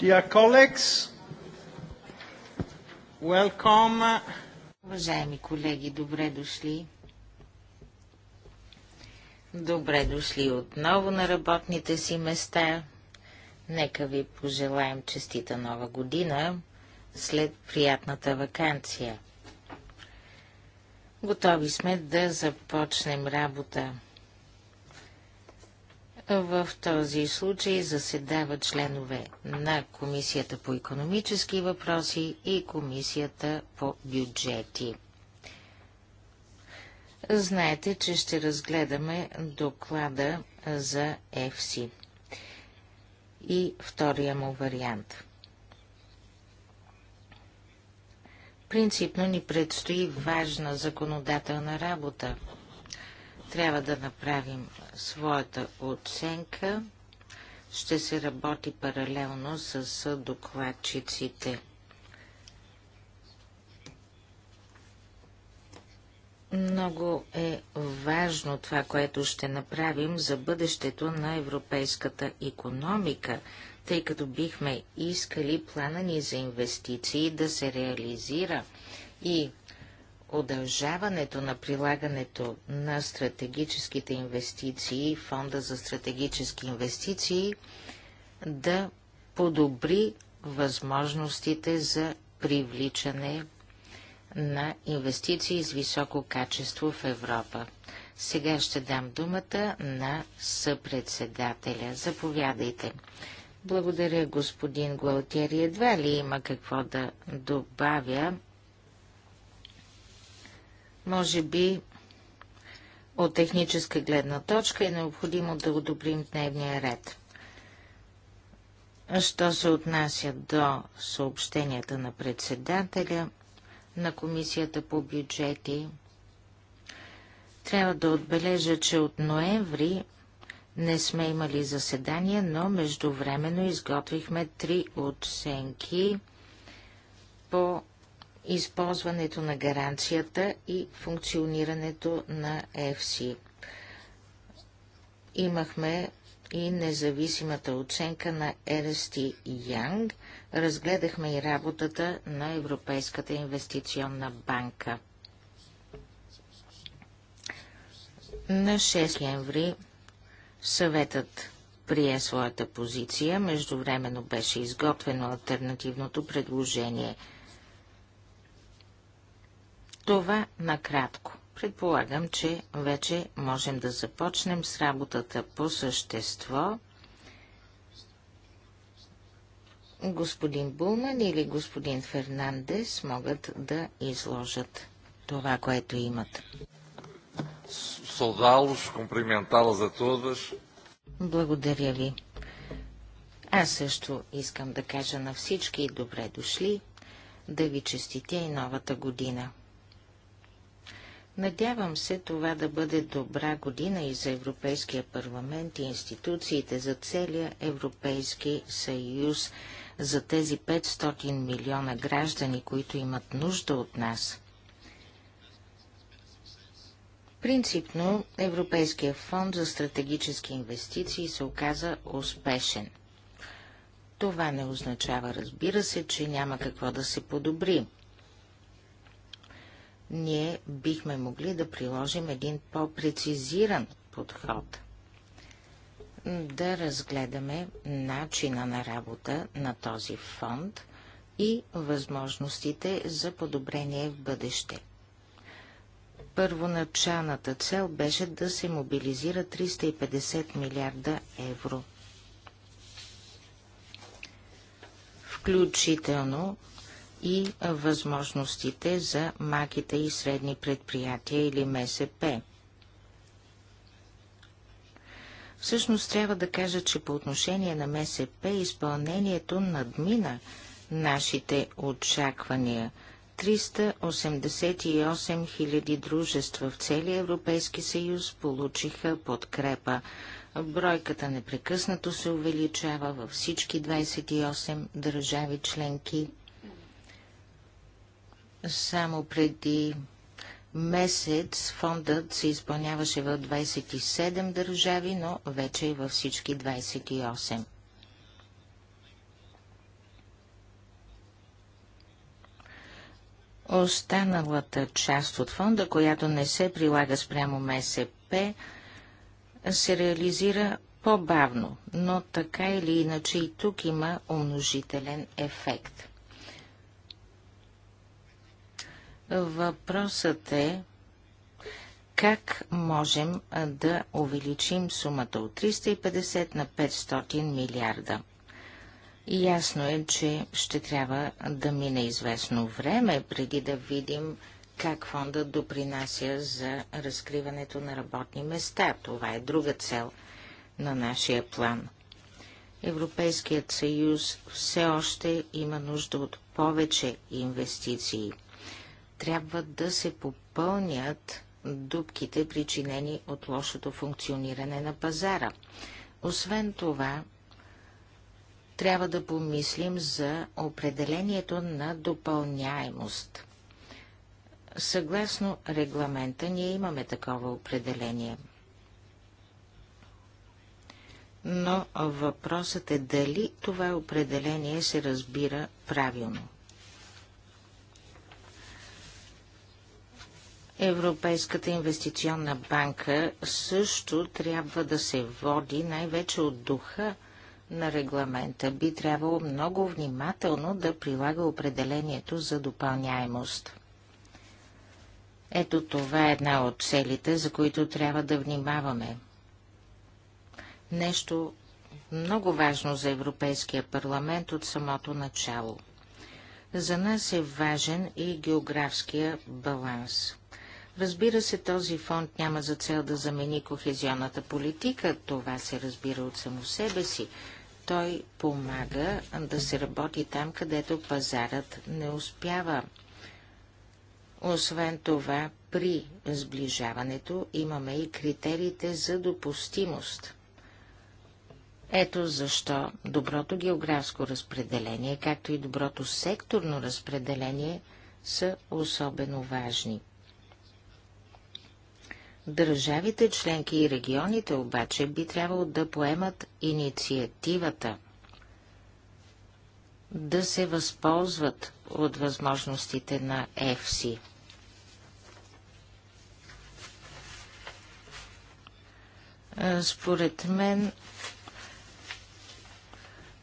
Dear colleagues, welcome. Уважаеми колеги, добре дошли. Добре дошли отново на работните си места. Нека ви пожелаем честита нова година след приятната вакансия. Готови сме да започнем работа. В този случай заседава членове на Комисията по економически въпроси и Комисията по бюджети. Знаете, че ще разгледаме доклада за ЕФСИ и втория му вариант. Принципно ни предстои важна законодателна работа – трябва да направим своята оценка. Ще се работи паралелно с докладчиците. Много е важно това, което ще направим за бъдещето на европейската економика, тъй като бихме искали плана ни за инвестиции да се реализира и удължаването на прилагането на стратегическите инвестиции, фонда за стратегически инвестиции, да подобри възможностите за привличане на инвестиции с високо качество в Европа. Сега ще дам думата на съпредседателя. Заповядайте. Благодаря, господин Гуалтери. Едва ли има какво да добавя може би от техническа гледна точка е необходимо да одобрим дневния ред. Що се отнася до съобщенията на председателя на Комисията по бюджети, трябва да отбележа, че от ноември не сме имали заседания, но междувременно изготвихме три оценки по използването на гаранцията и функционирането на FC. Имахме и независимата оценка на Ernst Янг, разгледахме и работата на Европейската инвестиционна банка. На 6 септември съветът прие своята позиция, междувременно беше изготвено альтернативното предложение – това накратко. Предполагам, че вече можем да започнем с работата по същество. Господин Булман или господин Фернандес могат да изложат това, което имат. Солдалос, комплиментала за това. Благодаря ви. Аз също искам да кажа на всички добре дошли, да ви честите и новата година. Надявам се това да бъде добра година и за Европейския парламент и институциите за целия Европейски съюз, за тези 500 милиона граждани, които имат нужда от нас. Принципно Европейския фонд за стратегически инвестиции се оказа успешен. Това не означава, разбира се, че няма какво да се подобри ние бихме могли да приложим един по-прецизиран подход. Да разгледаме начина на работа на този фонд и възможностите за подобрение в бъдеще. Първоначалната цел беше да се мобилизира 350 милиарда евро, включително и възможностите за маките и средни предприятия или МСП. Всъщност трябва да кажа, че по отношение на МСП изпълнението надмина нашите очаквания. 388 000 дружества в целия Европейски съюз получиха подкрепа. Бройката непрекъснато се увеличава във всички 28 държави членки само преди месец фондът се изпълняваше в 27 държави, но вече и е във всички 28. Останалата част от фонда, която не се прилага спрямо МСП, се реализира по-бавно, но така или иначе и тук има умножителен ефект. Въпросът е как можем да увеличим сумата от 350 на 500 милиарда. Ясно е, че ще трябва да мине известно време, преди да видим как фонда допринася за разкриването на работни места. Това е друга цел на нашия план. Европейският съюз все още има нужда от повече инвестиции – трябва да се попълнят дубките, причинени от лошото функциониране на пазара. Освен това, трябва да помислим за определението на допълняемост. Съгласно регламента ние имаме такова определение. Но въпросът е дали това определение се разбира правилно. Европейската инвестиционна банка също трябва да се води най-вече от духа на регламента. Би трябвало много внимателно да прилага определението за допълняемост. Ето това е една от целите, за които трябва да внимаваме. Нещо много важно за Европейския парламент от самото начало. За нас е важен и географския баланс. Разбира се, този фонд няма за цел да замени кохезионната политика, това се разбира от само себе си. Той помага да се работи там, където пазарът не успява. Освен това, при сближаването имаме и критериите за допустимост. Ето защо доброто географско разпределение, както и доброто секторно разпределение са особено важни. Държавите членки и регионите обаче би трябвало да поемат инициативата, да се възползват от възможностите на ЕФСИ. Според мен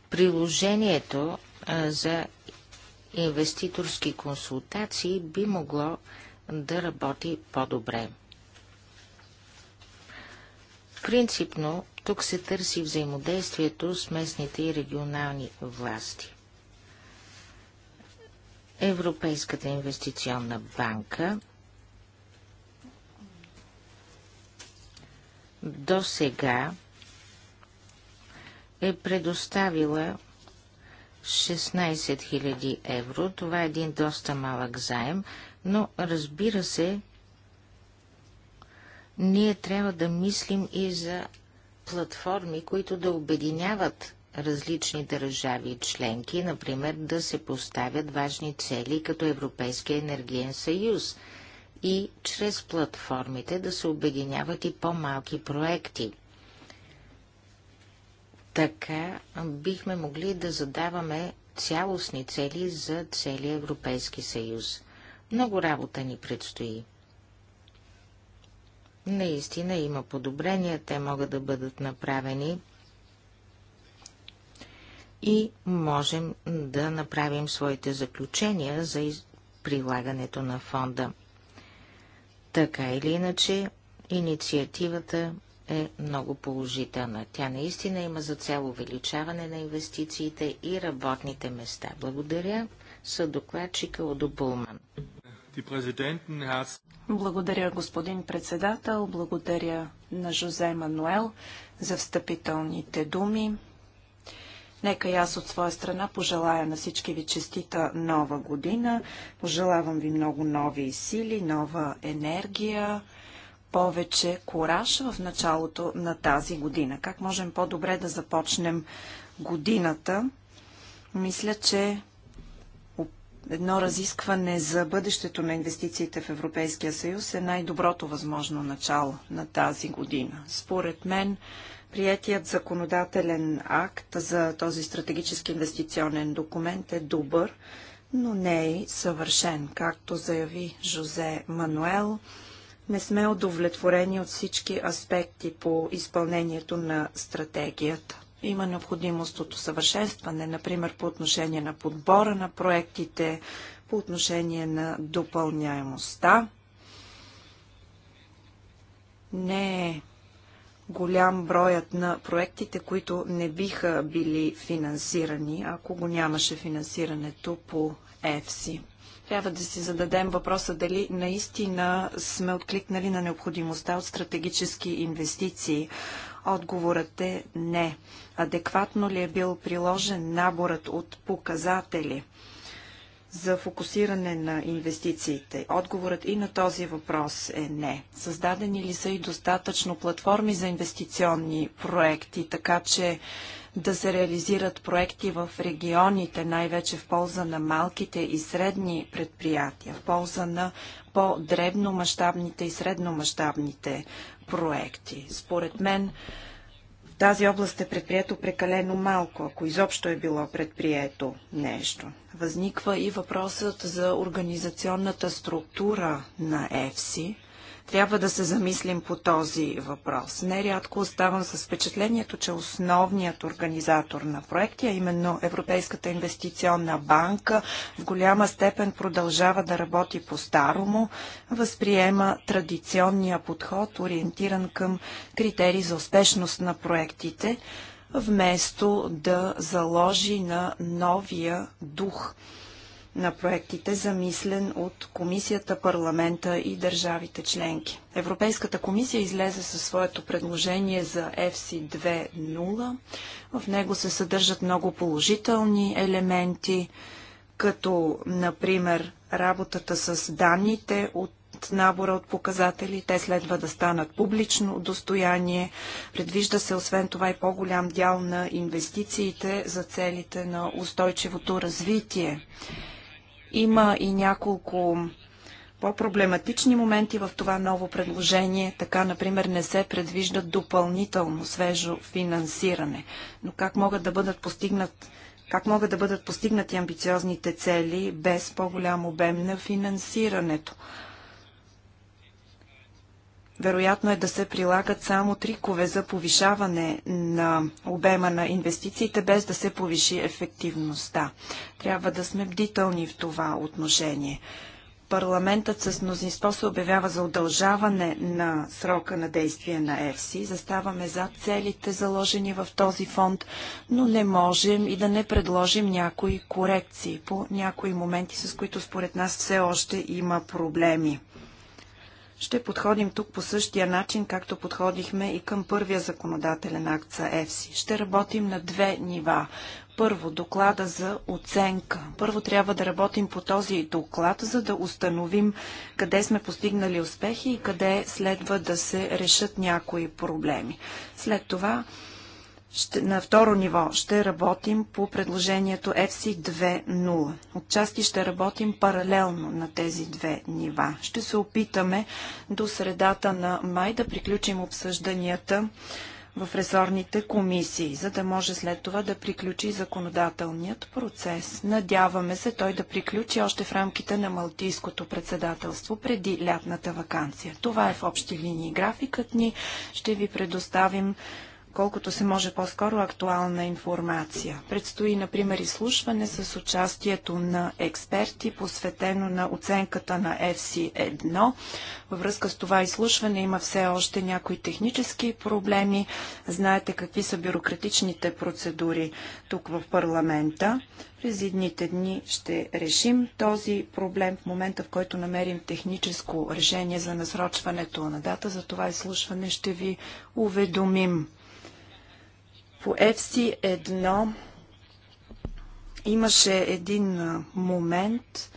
приложението за инвеститорски консултации би могло да работи по-добре. Принципно, тук се търси взаимодействието с местните и регионални власти. Европейската инвестиционна банка до сега е предоставила 16 000 евро. Това е един доста малък заем, но разбира се, ние трябва да мислим и за платформи, които да обединяват различни държави и членки, например да се поставят важни цели като Европейския енергиен съюз и чрез платформите да се обединяват и по-малки проекти. Така бихме могли да задаваме цялостни цели за целия Европейски съюз. Много работа ни предстои. Наистина има подобрения, те могат да бъдат направени и можем да направим своите заключения за прилагането на фонда. Така или иначе, инициативата е много положителна. Тя наистина има за цел увеличаване на инвестициите и работните места. Благодаря съдокладчика Одобулман. Благодаря, господин председател. Благодаря на Жозе Мануел за встъпителните думи. Нека и аз от своя страна пожелая на всички ви честита нова година. Пожелавам ви много нови сили, нова енергия, повече кораж в началото на тази година. Как можем по-добре да започнем годината? Мисля, че едно разискване за бъдещето на инвестициите в Европейския съюз е най-доброто възможно начало на тази година. Според мен, приятият законодателен акт за този стратегически инвестиционен документ е добър, но не е съвършен. Както заяви Жозе Мануел, не сме удовлетворени от всички аспекти по изпълнението на стратегията. Има необходимост от усъвършенстване, например по отношение на подбора на проектите, по отношение на допълняемостта. Не е голям броят на проектите, които не биха били финансирани, ако го нямаше финансирането по ЕФСИ. Трябва да си зададем въпроса дали наистина сме откликнали на необходимостта от стратегически инвестиции. Отговорът е не. Адекватно ли е бил приложен наборът от показатели? за фокусиране на инвестициите? Отговорът и на този въпрос е не. Създадени ли са и достатъчно платформи за инвестиционни проекти, така че да се реализират проекти в регионите, най-вече в полза на малките и средни предприятия, в полза на по-дребномащабните и средномащабните проекти. Според мен в тази област е предприето прекалено малко, ако изобщо е било предприето нещо. Възниква и въпросът за организационната структура на ЕФСИ, трябва да се замислим по този въпрос. Нерядко оставам с впечатлението, че основният организатор на проекти, а именно Европейската инвестиционна банка, в голяма степен продължава да работи по-старому, възприема традиционния подход, ориентиран към критерии за успешност на проектите, вместо да заложи на новия дух – на проектите, замислен от Комисията, парламента и държавите членки. Европейската комисия излезе със своето предложение за FC 2.0. В него се съдържат много положителни елементи, като, например, работата с данните от набора от показатели. Те следва да станат публично достояние. Предвижда се освен това и по-голям дял на инвестициите за целите на устойчивото развитие. Има и няколко по-проблематични моменти в това ново предложение. Така, например, не се предвижда допълнително свежо финансиране. Но как могат да бъдат постигнат как могат да бъдат постигнати амбициозните цели без по-голям обем на финансирането? Вероятно е да се прилагат само трикове за повишаване на обема на инвестициите, без да се повиши ефективността. Трябва да сме бдителни в това отношение. Парламентът с мнозинство се обявява за удължаване на срока на действие на ЕФСИ. Заставаме за целите заложени в този фонд, но не можем и да не предложим някои корекции по някои моменти, с които според нас все още има проблеми. Ще подходим тук по същия начин, както подходихме и към първия законодателен акт за ЕФСИ. Ще работим на две нива. Първо, доклада за оценка. Първо трябва да работим по този доклад, за да установим къде сме постигнали успехи и къде следва да се решат някои проблеми. След това ще, на второ ниво ще работим по предложението FC 2.0. Отчасти ще работим паралелно на тези две нива. Ще се опитаме до средата на май да приключим обсъжданията в резорните комисии, за да може след това да приключи законодателният процес. Надяваме се той да приключи още в рамките на Малтийското председателство преди лятната вакансия. Това е в общи линии графикът ни. Ще ви предоставим колкото се може по-скоро актуална информация. Предстои, например, изслушване с участието на експерти, посветено на оценката на FC1. Във връзка с това изслушване има все още някои технически проблеми. Знаете какви са бюрократичните процедури тук в парламента. През едните дни ще решим този проблем в момента, в който намерим техническо решение за насрочването на дата. За това изслушване ще ви уведомим. По FC1 имаше един момент,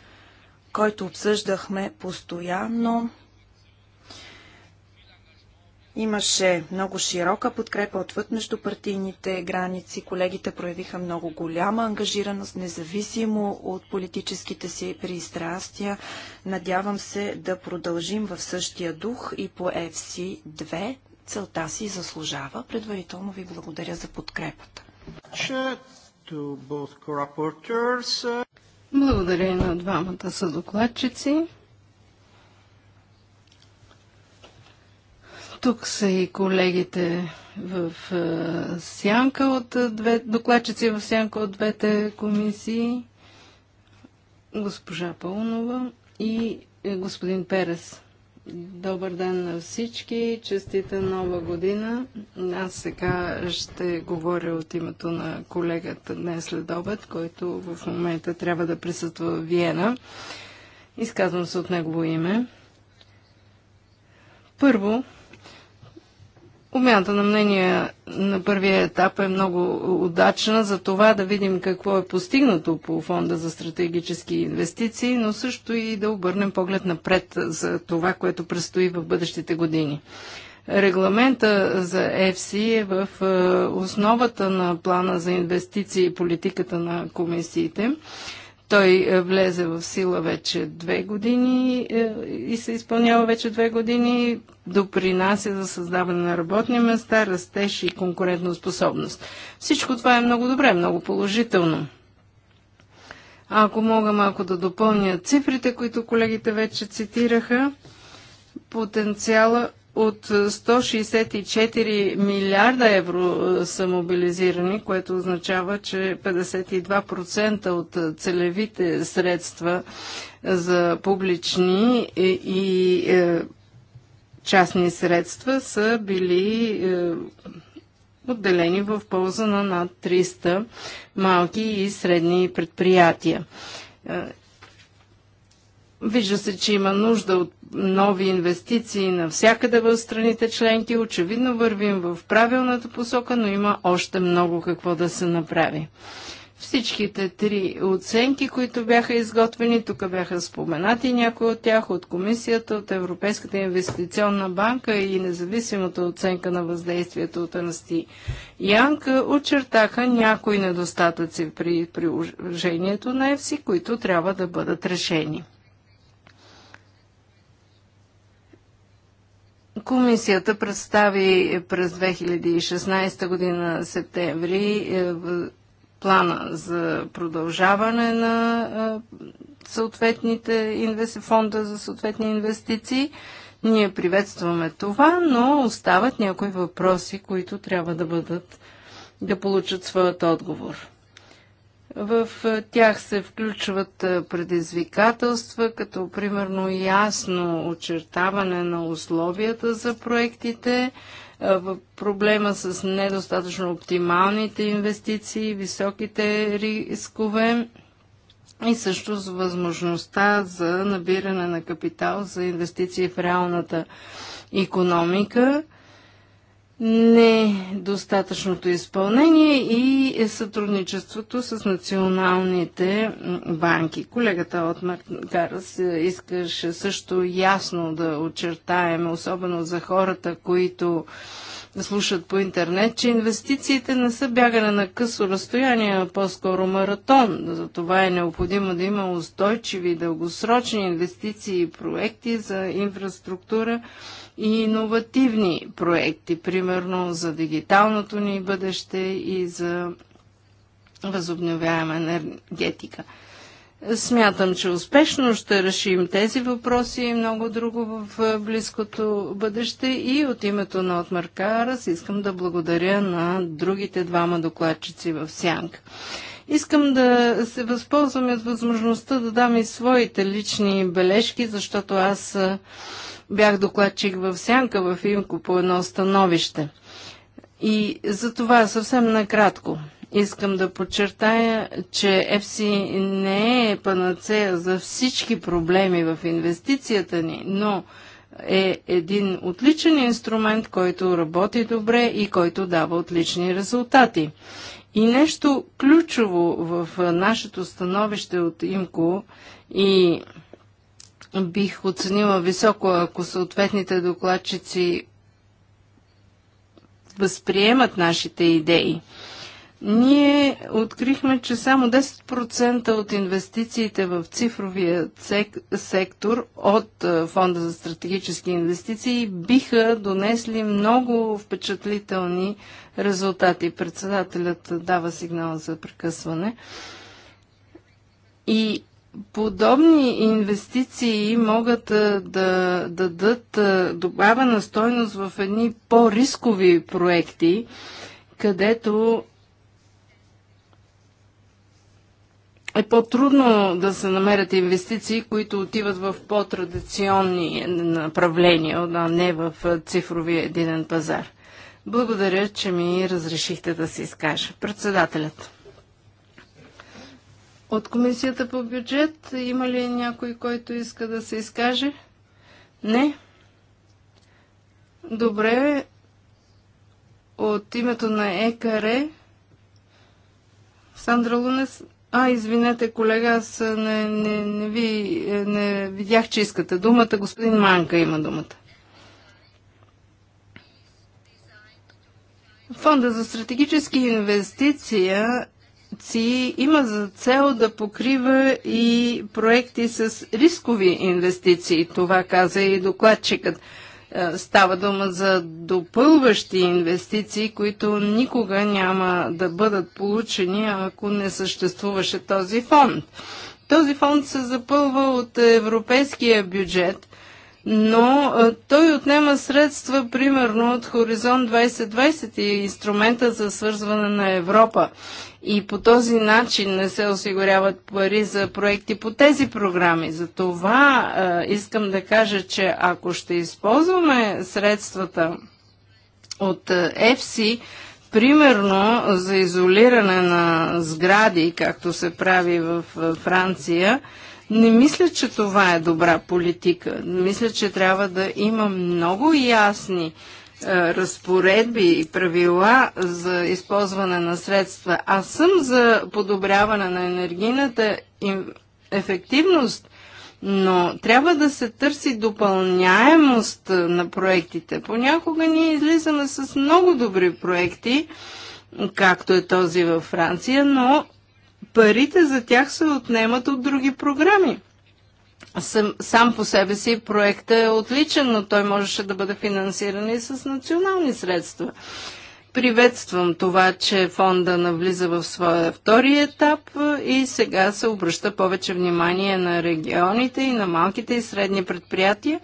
който обсъждахме постоянно. Имаше много широка подкрепа отвъд между партийните граници. Колегите проявиха много голяма ангажираност, независимо от политическите си пристрастия. Надявам се да продължим в същия дух и по FC2 целта си заслужава. Предварително ви благодаря за подкрепата. Благодаря на двамата съдокладчици. Тук са и колегите в е, сянка от е, две, докладчици в сянка от двете комисии, госпожа Пълнова и е, господин Перес. Добър ден на всички! Честита нова година! Аз сега ще говоря от името на колегата днес след обед, който в момента трябва да присъства в Виена. Изказвам се от негово име. Първо, Обмяната на мнение на първия етап е много удачна за това да видим какво е постигнато по Фонда за стратегически инвестиции, но също и да обърнем поглед напред за това, което предстои в бъдещите години. Регламента за ЕФСИ е в е, основата на плана за инвестиции и политиката на комисиите. Той е, влезе в сила вече две години е, и се изпълнява вече две години, допринася за създаване на работни места, растеж и конкурентоспособност. Всичко това е много добре, много положително. Ако мога малко да допълня цифрите, които колегите вече цитираха, потенциала от 164 милиарда евро са мобилизирани, което означава, че 52% от целевите средства за публични и е, частни средства са били е, отделени в полза на над 300 малки и средни предприятия. Е, Вижда се, че има нужда от нови инвестиции навсякъде в страните членки. Очевидно вървим в правилната посока, но има още много какво да се направи. Всичките три оценки, които бяха изготвени, тук бяха споменати някои от тях от Комисията, от Европейската инвестиционна банка и независимата оценка на въздействието от Анасти Янг, очертаха някои недостатъци при приложението на ЕФСИ, които трябва да бъдат решени. Комисията представи през 2016 година септември е, плана за продължаване на е, съответните фонда за съответни инвестиции. Ние приветстваме това, но остават някои въпроси, които трябва да бъдат да получат своят отговор. В тях се включват предизвикателства, като примерно ясно очертаване на условията за проектите, проблема с недостатъчно оптималните инвестиции, високите рискове и също с възможността за набиране на капитал за инвестиции в реалната економика недостатъчното изпълнение и сътрудничеството с националните банки. Колегата от Маркарас искаше също ясно да очертаем, особено за хората, които слушат по интернет, че инвестициите не са бягане на късо разстояние, а по-скоро маратон. Затова е необходимо да има устойчиви дългосрочни инвестиции и проекти за инфраструктура, и иновативни проекти, примерно за дигиталното ни бъдеще и за възобновяема енергетика. Смятам, че успешно ще решим тези въпроси и много друго в близкото бъдеще и от името на Отмар искам да благодаря на другите двама докладчици в Сянка. Искам да се възползвам от възможността да дам и своите лични бележки, защото аз Бях докладчик в Сянка в Имко по едно становище. И за това съвсем накратко. Искам да подчертая, че ЕФСИ не е панацея за всички проблеми в инвестицията ни, но е един отличен инструмент, който работи добре и който дава отлични резултати. И нещо ключово в нашето становище от ИМКО и бих оценила високо, ако съответните докладчици възприемат нашите идеи. Ние открихме, че само 10% от инвестициите в цифровия сектор от Фонда за стратегически инвестиции биха донесли много впечатлителни резултати. Председателят дава сигнал за прекъсване. И подобни инвестиции могат да дадат добавена стойност в едни по-рискови проекти, където е по-трудно да се намерят инвестиции, които отиват в по-традиционни направления, а не в цифровия единен пазар. Благодаря, че ми разрешихте да се изкажа. Председателят. От комисията по бюджет има ли някой, който иска да се изкаже? Не. Добре. От името на ЕКР Сандра Лунес. А, извинете, колега, аз не, не, не, ви, не видях, че искате думата. Господин Манка има думата. Фонда за стратегически инвестиция си има за цел да покрива и проекти с рискови инвестиции. Това каза и докладчикът. Е, става дума за допълващи инвестиции, които никога няма да бъдат получени, ако не съществуваше този фонд. Този фонд се запълва от европейския бюджет, но е, той отнема средства, примерно от Хоризонт 2020 и е инструмента за свързване на Европа. И по този начин не се осигуряват пари за проекти по тези програми. За това е, искам да кажа, че ако ще използваме средствата от е, ЕФСИ, примерно за изолиране на сгради, както се прави в е, Франция, не мисля, че това е добра политика. Мисля, че трябва да има много ясни е, разпоредби и правила за използване на средства, аз съм за подобряване на енергийната ефективност, но трябва да се търси допълняемост на проектите. Понякога ние излизаме с много добри проекти, както е този във Франция, но парите за тях се отнемат от други програми сам, сам по себе си проектът е отличен, но той можеше да бъде финансиран и с национални средства. Приветствам това, че фонда навлиза в своя втори етап и сега се обръща повече внимание на регионите и на малките и средни предприятия,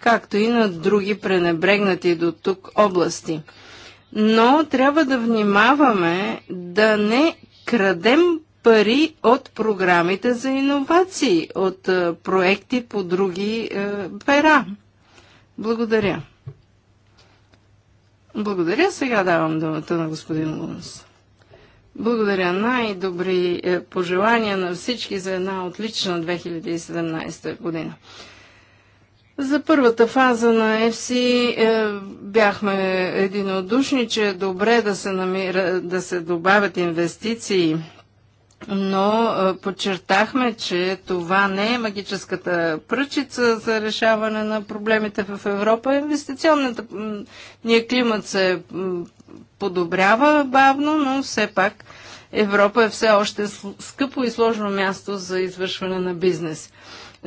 както и на други пренебрегнати до тук области. Но трябва да внимаваме да не крадем пари от програмите за иновации, от е, проекти по други е, пера. Благодаря. Благодаря. Сега давам думата на господин Лунс. Благодаря. Най-добри е, пожелания на всички за една отлична 2017 година. За първата фаза на FC е, бяхме единодушни, че е добре да се, намира, да се добавят инвестиции но подчертахме, че това не е магическата пръчица за решаване на проблемите в Европа. Инвестиционната ние климат се подобрява бавно, но все пак Европа е все още скъпо и сложно място за извършване на бизнес.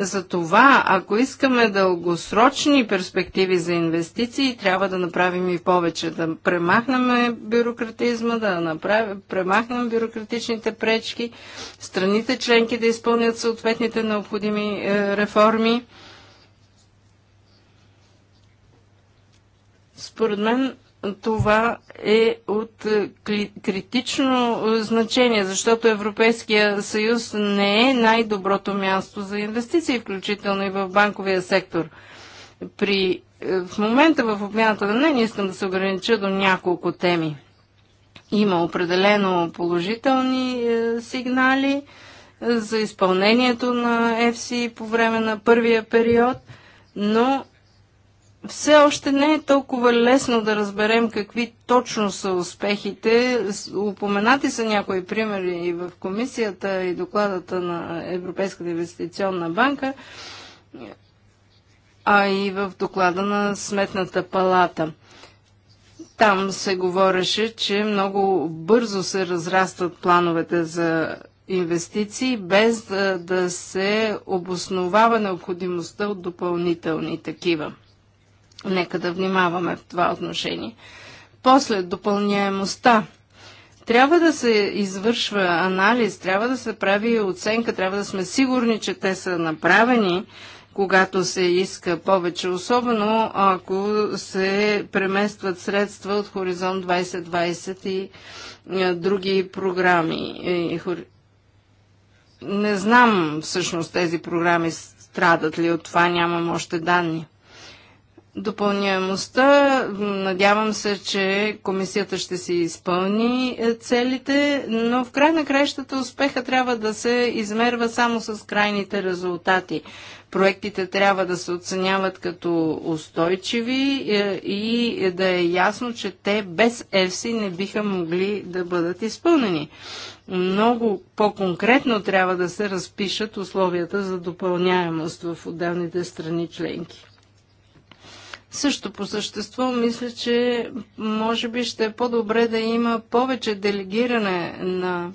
Затова, ако искаме дългосрочни перспективи за инвестиции, трябва да направим и повече. Да премахнем бюрократизма, да направим, премахнем бюрократичните пречки, страните членки да изпълнят съответните необходими е, реформи. Според мен това е от е, критично е, значение, защото Европейския съюз не е най-доброто място за инвестиции, включително и в банковия сектор. При, е, в момента в обмяната на мнение искам да се огранича до няколко теми. Има определено положителни сигнали за изпълнението на ЕФСИ по време на първия период, но все още не е толкова лесно да разберем какви точно са успехите. Упоменати са някои примери и в комисията и докладата на Европейската инвестиционна банка, а и в доклада на Сметната палата. Там се говореше, че много бързо се разрастват плановете за инвестиции, без да, да се обосновава необходимостта от допълнителни такива. Нека да внимаваме в това отношение. После допълняемостта. Трябва да се извършва анализ, трябва да се прави оценка, трябва да сме сигурни, че те са направени, когато се иска повече, особено ако се преместват средства от Хоризонт 2020 и други програми. Не знам всъщност тези програми страдат ли от това, нямам още данни допълняемостта. Надявам се, че комисията ще си изпълни е, целите, но в край на краищата успеха трябва да се измерва само с крайните резултати. Проектите трябва да се оценяват като устойчиви е, и да е ясно, че те без ЕФСИ не биха могли да бъдат изпълнени. Много по-конкретно трябва да се разпишат условията за допълняемост в отделните страни членки. Също по същество мисля, че може би ще е по-добре да има повече делегиране на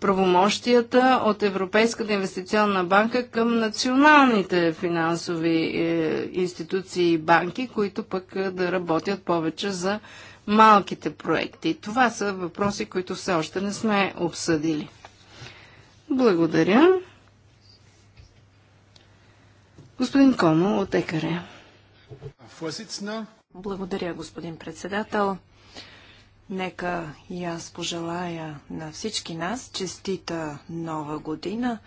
правомощията от Европейската инвестиционна банка към националните финансови е, институции и банки, които пък е, да работят повече за малките проекти. Това са въпроси, които все още не сме обсъдили. Благодаря. Господин Комо от ЕКАРЕ. Благодаря, господин председател. Нека и аз пожелая на всички нас честита нова година.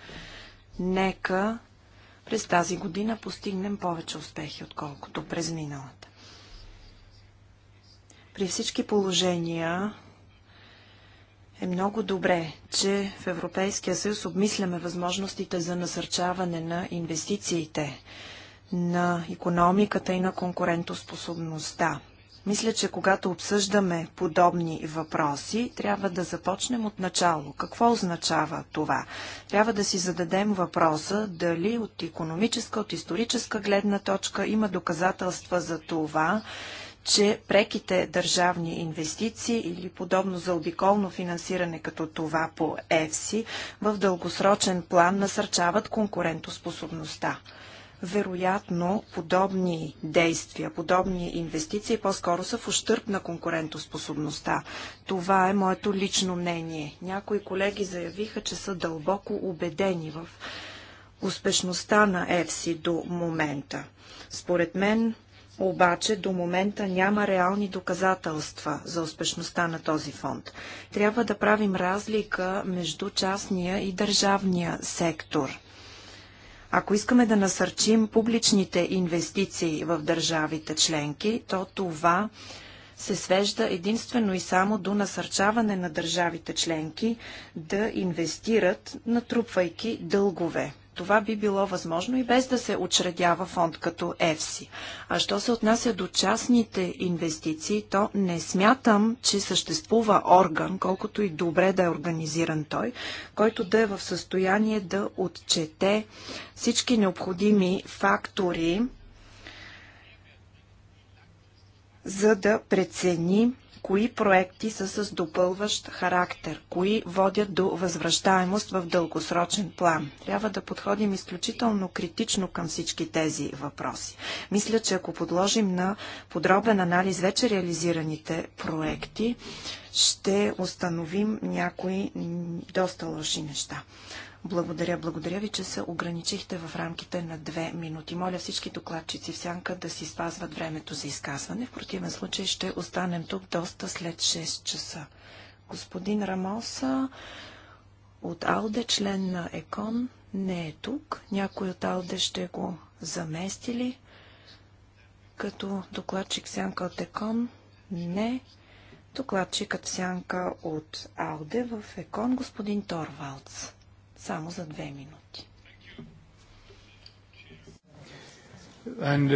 Нека през тази година постигнем повече успехи, отколкото през миналата. При всички положения е много добре, че в Европейския съюз обмисляме възможностите за насърчаване на инвестициите на економиката и на конкурентоспособността. Мисля, че когато обсъждаме подобни въпроси, трябва да започнем от начало. Какво означава това? Трябва да си зададем въпроса дали от економическа, от историческа гледна точка има доказателства за това, че преките държавни инвестиции или подобно за обиколно финансиране като това по ЕФСИ в дългосрочен план насърчават конкурентоспособността вероятно подобни действия, подобни инвестиции по-скоро са в ущърп на конкурентоспособността. Това е моето лично мнение. Някои колеги заявиха, че са дълбоко убедени в успешността на ЕФСИ до момента. Според мен обаче до момента няма реални доказателства за успешността на този фонд. Трябва да правим разлика между частния и държавния сектор. Ако искаме да насърчим публичните инвестиции в държавите членки, то това се свежда единствено и само до насърчаване на държавите членки да инвестират, натрупвайки дългове. Това би било възможно и без да се учредява фонд като ЕФСИ. А що се отнася до частните инвестиции, то не смятам, че съществува орган, колкото и добре да е организиран той, който да е в състояние да отчете всички необходими фактори, за да прецени кои проекти са с допълващ характер, кои водят до възвръщаемост в дългосрочен план. Трябва да подходим изключително критично към всички тези въпроси. Мисля, че ако подложим на подробен анализ вече реализираните проекти, ще установим някои доста лоши неща. Благодаря, благодаря ви, че се ограничихте в рамките на две минути. Моля всички докладчици в сянка да си спазват времето за изказване. В противен случай ще останем тук доста след 6 часа. Господин Рамоса от Алде, член на ЕКОН, не е тук. Някой от Алде ще го заместили. Като докладчик сянка от ЕКОН, не. Докладчикът сянка от Алде в ЕКОН, господин Торвалц само за две минути. And,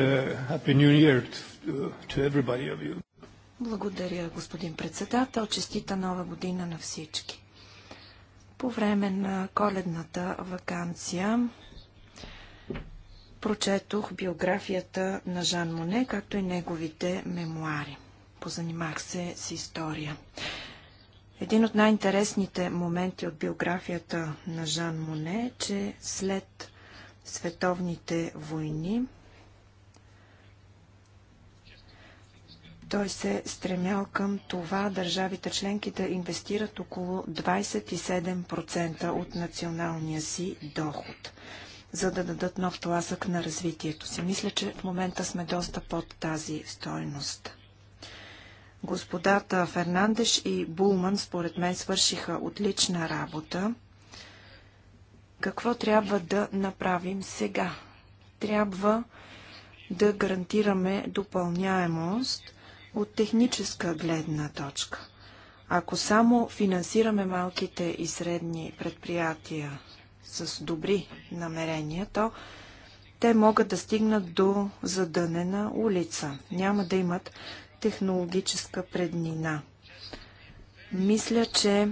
uh, to, Благодаря, господин председател. Честита нова година на всички. По време на коледната вакансия прочетох биографията на Жан Моне, както и неговите мемуари. Позанимах се с история. Един от най-интересните моменти от биографията на Жан Моне е, че след световните войни той се стремял към това държавите членки да инвестират около 27% от националния си доход, за да дадат нов тласък на развитието си. Мисля, че в момента сме доста под тази стойност. Господата Фернандеш и Булман, според мен, свършиха отлична работа. Какво трябва да направим сега? Трябва да гарантираме допълняемост от техническа гледна точка. Ако само финансираме малките и средни предприятия с добри намерения, то те могат да стигнат до задънена улица. Няма да имат технологическа преднина. Мисля, че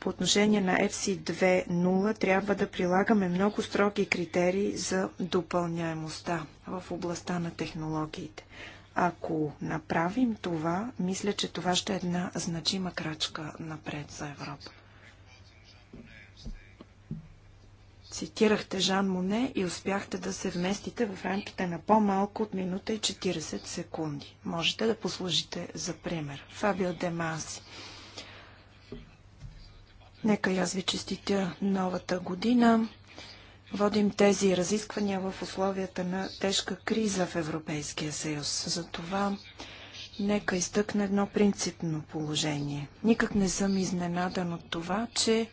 по отношение на FC 2.0 трябва да прилагаме много строги критерии за допълняемостта в областта на технологиите. Ако направим това, мисля, че това ще е една значима крачка напред за Европа. Цитирахте Жан Моне и успяхте да се вместите в рамките на по-малко от минута и 40 секунди. Можете да послужите за пример. Фабио Демаси. Нека и аз ви честитя новата година. Водим тези разисквания в условията на тежка криза в Европейския съюз. Затова нека изтъкна едно принципно положение. Никак не съм изненадан от това, че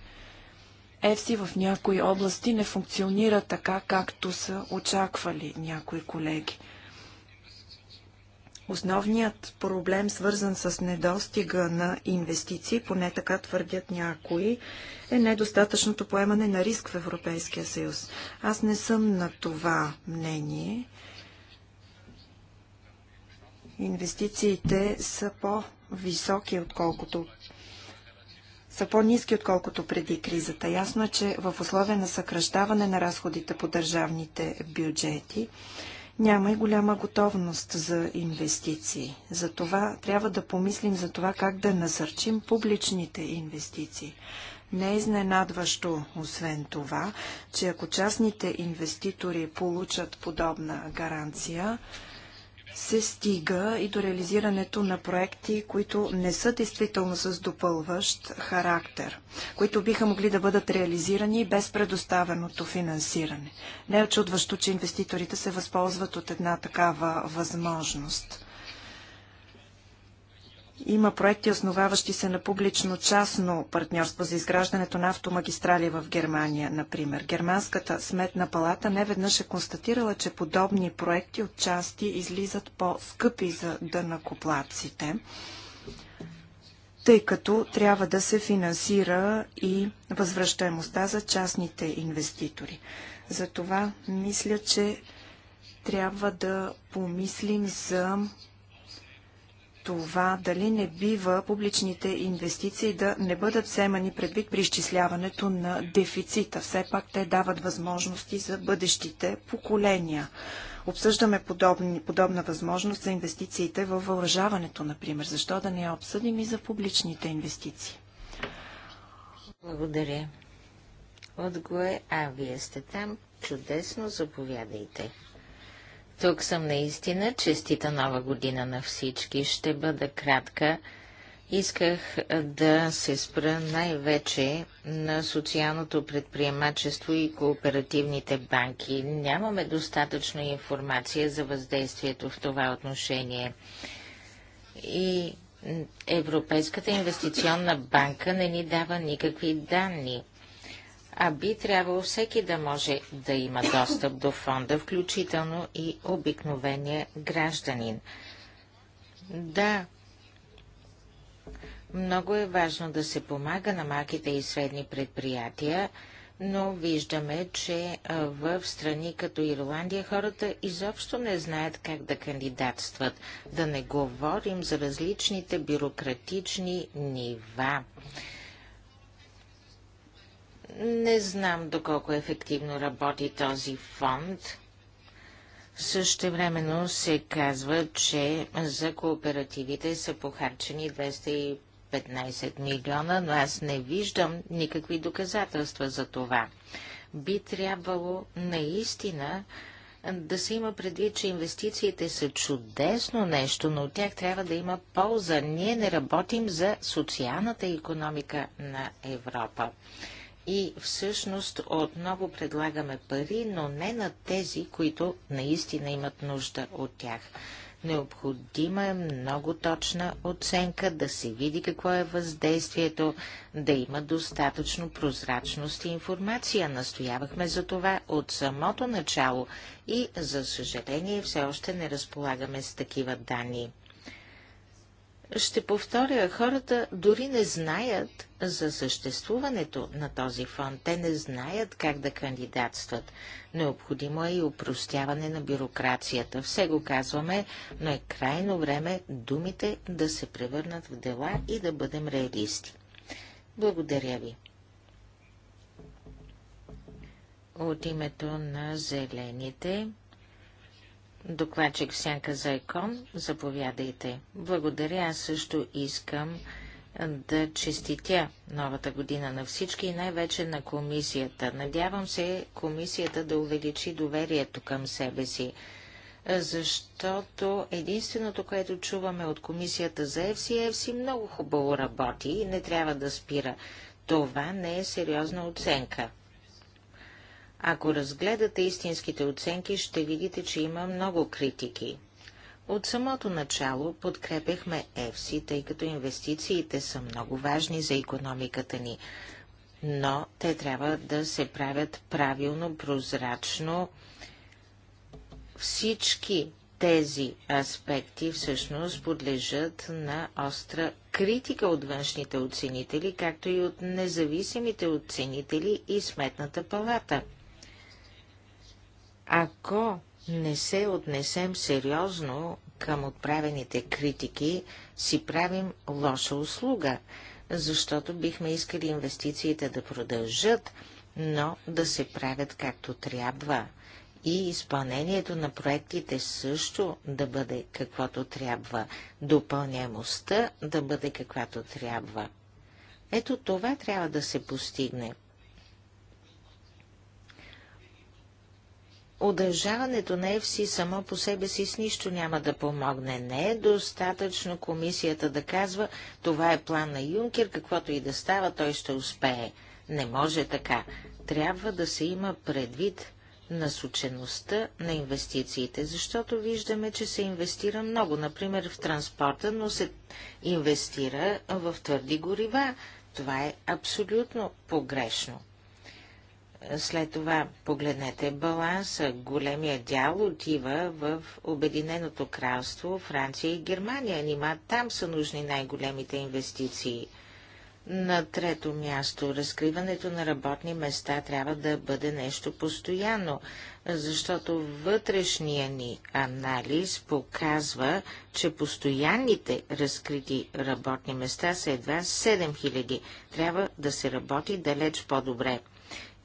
ЕФСИ в някои области не функционира така, както са очаквали някои колеги. Основният проблем, свързан с недостига на инвестиции, поне така твърдят някои, е недостатъчното поемане на риск в Европейския съюз. Аз не съм на това мнение. Инвестициите са по-високи, отколкото са по-низки, отколкото преди кризата. Ясно е, че в условия на съкръщаване на разходите по държавните бюджети няма и голяма готовност за инвестиции. Затова трябва да помислим за това как да насърчим публичните инвестиции. Не е изненадващо, освен това, че ако частните инвеститори получат подобна гаранция, се стига и до реализирането на проекти, които не са действително с допълващ характер, които биха могли да бъдат реализирани без предоставеното финансиране. Не е очудващо, че инвеститорите се възползват от една такава възможност. Има проекти, основаващи се на публично-частно партньорство за изграждането на автомагистрали в Германия, например. Германската сметна палата не веднъж е констатирала, че подобни проекти от части излизат по-скъпи за дънакоплаците, тъй като трябва да се финансира и възвръщаемостта за частните инвеститори. Затова мисля, че трябва да помислим за това дали не бива публичните инвестиции да не бъдат вземани предвид при изчисляването на дефицита. Все пак те дават възможности за бъдещите поколения. Обсъждаме подобни, подобна възможност за инвестициите във въоръжаването, например. Защо да не я обсъдим и за публичните инвестиции? Благодаря. Отгое, а вие сте там. Чудесно, заповядайте. Тук съм наистина. Честита нова година на всички. Ще бъда кратка. Исках да се спра най-вече на социалното предприемачество и кооперативните банки. Нямаме достатъчно информация за въздействието в това отношение. И Европейската инвестиционна банка не ни дава никакви данни а би трябвало всеки да може да има достъп до фонда, включително и обикновения гражданин. Да, много е важно да се помага на малките и средни предприятия, но виждаме, че в страни като Ирландия хората изобщо не знаят как да кандидатстват. Да не говорим за различните бюрократични нива. Не знам доколко ефективно работи този фонд. Същевременно се казва, че за кооперативите са похарчени 215 милиона, но аз не виждам никакви доказателства за това. Би трябвало наистина да се има предвид, че инвестициите са чудесно нещо, но от тях трябва да има полза. Ние не работим за социалната економика на Европа и всъщност отново предлагаме пари, но не на тези, които наистина имат нужда от тях. Необходима е много точна оценка, да се види какво е въздействието, да има достатъчно прозрачност и информация. Настоявахме за това от самото начало и, за съжаление, все още не разполагаме с такива данни. Ще повторя, хората дори не знаят за съществуването на този фонд. Те не знаят как да кандидатстват. Необходимо е и упростяване на бюрокрацията. Все го казваме, но е крайно време думите да се превърнат в дела и да бъдем реалисти. Благодаря ви. От името на зелените Докладчик Сянка за Екон, заповядайте. Благодаря, аз също искам да честитя новата година на всички и най-вече на комисията. Надявам се комисията да увеличи доверието към себе си, защото единственото, което чуваме от комисията за ЕФСИ, ЕФСИ много хубаво работи и не трябва да спира. Това не е сериозна оценка. Ако разгледате истинските оценки, ще видите, че има много критики. От самото начало подкрепяхме ЕФСИ, тъй като инвестициите са много важни за економиката ни, но те трябва да се правят правилно, прозрачно. Всички тези аспекти всъщност подлежат на остра критика от външните оценители, както и от независимите оценители и Сметната палата – ако не се отнесем сериозно към отправените критики, си правим лоша услуга, защото бихме искали инвестициите да продължат, но да се правят както трябва. И изпълнението на проектите също да бъде каквото трябва, допълняемостта да бъде каквато трябва. Ето това трябва да се постигне – Удържаването на ЕФСИ само по себе си с нищо няма да помогне. Не е достатъчно комисията да казва, това е план на Юнкер, каквото и да става, той ще успее. Не може така. Трябва да се има предвид насочеността на инвестициите, защото виждаме, че се инвестира много, например в транспорта, но се инвестира в твърди горива. Това е абсолютно погрешно. След това погледнете баланса. Големия дял отива в Обединеното кралство, Франция и Германия. Нима там са нужни най-големите инвестиции. На трето място, разкриването на работни места трябва да бъде нещо постоянно, защото вътрешния ни анализ показва, че постоянните разкрити работни места са едва 7000. Трябва да се работи далеч по-добре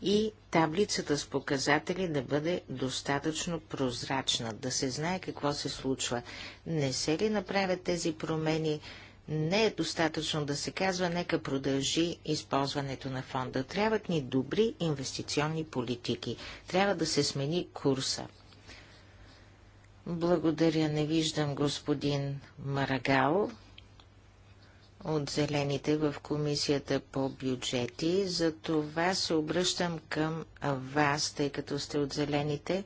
и таблицата с показатели да бъде достатъчно прозрачна, да се знае какво се случва. Не се ли направят тези промени, не е достатъчно да се казва, нека продължи използването на фонда. Трябват ни добри инвестиционни политики. Трябва да се смени курса. Благодаря, не виждам господин Марагал от зелените в комисията по бюджети. За това се обръщам към вас, тъй като сте от зелените.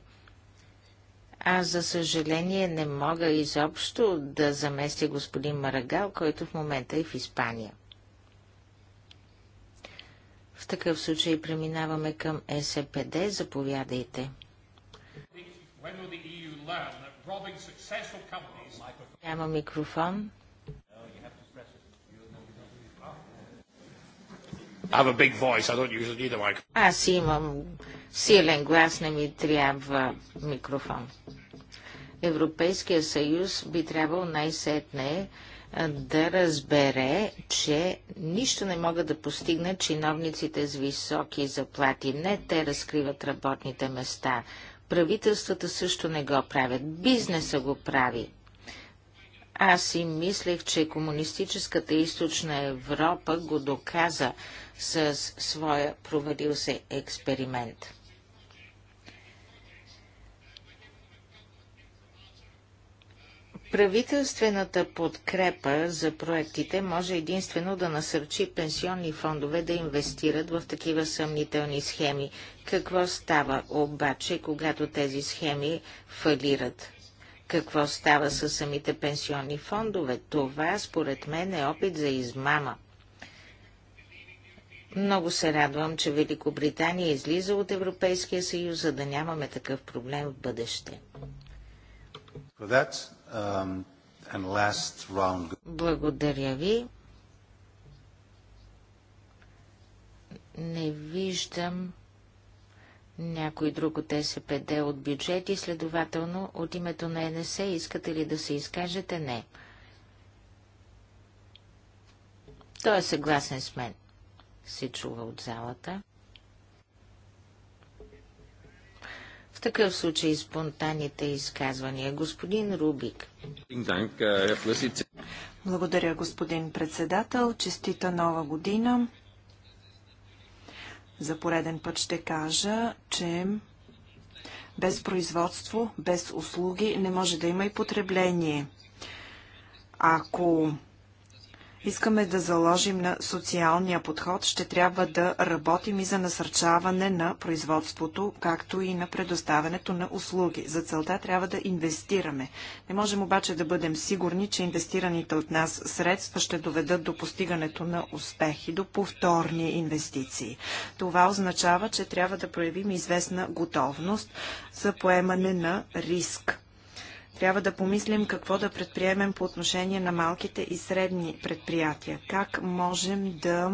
А за съжаление, не мога изобщо да заместя господин Марагал, който в момента е в Испания. В такъв случай преминаваме към СПД. Заповядайте. E Няма микрофон. Аз имам силен глас, не ми трябва микрофон. Европейския съюз би трябвало най-сетне да разбере, че нищо не могат да постигнат чиновниците с високи заплати. Не те разкриват работните места. Правителствата също не го правят. Бизнеса го прави. Аз си мислех, че комунистическата източна Европа го доказа, с своя провалил се експеримент. Правителствената подкрепа за проектите може единствено да насърчи пенсионни фондове да инвестират в такива съмнителни схеми. Какво става обаче, когато тези схеми фалират? Какво става с самите пенсионни фондове? Това, според мен, е опит за измама. Много се радвам, че Великобритания излиза от Европейския съюз, за да нямаме такъв проблем в бъдеще. Um, Благодаря ви. Не виждам някой друг от СПД от бюджет и следователно от името на НС искате ли да се изкажете? Не. Той е съгласен с мен се чува от залата. В такъв случай спонтанните изказвания. Господин Рубик. Благодаря, господин председател. Честита нова година. За пореден път ще кажа, че без производство, без услуги не може да има и потребление. Ако искаме да заложим на социалния подход, ще трябва да работим и за насърчаване на производството, както и на предоставянето на услуги. За целта трябва да инвестираме. Не можем обаче да бъдем сигурни, че инвестираните от нас средства ще доведат до постигането на успех и до повторни инвестиции. Това означава, че трябва да проявим известна готовност за поемане на риск трябва да помислим какво да предприемем по отношение на малките и средни предприятия. Как можем да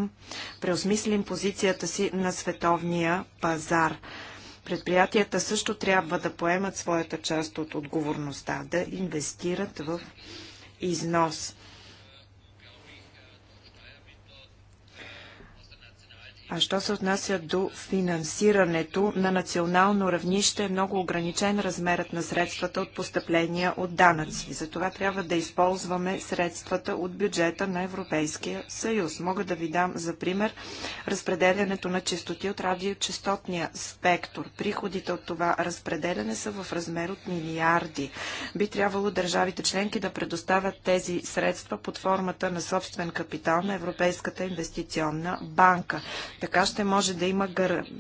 преосмислим позицията си на световния пазар. Предприятията също трябва да поемат своята част от отговорността, да инвестират в износ. А що се отнася до финансирането на национално равнище, е много ограничен размерът на средствата от постъпления от данъци. Затова трябва да използваме средствата от бюджета на Европейския съюз. Мога да ви дам за пример разпределянето на чистоти от радиочастотния спектр. Приходите от това разпределяне са в размер от милиарди. Би трябвало държавите членки да предоставят тези средства под формата на собствен капитал на Европейската инвестиционна банка. Така ще може да има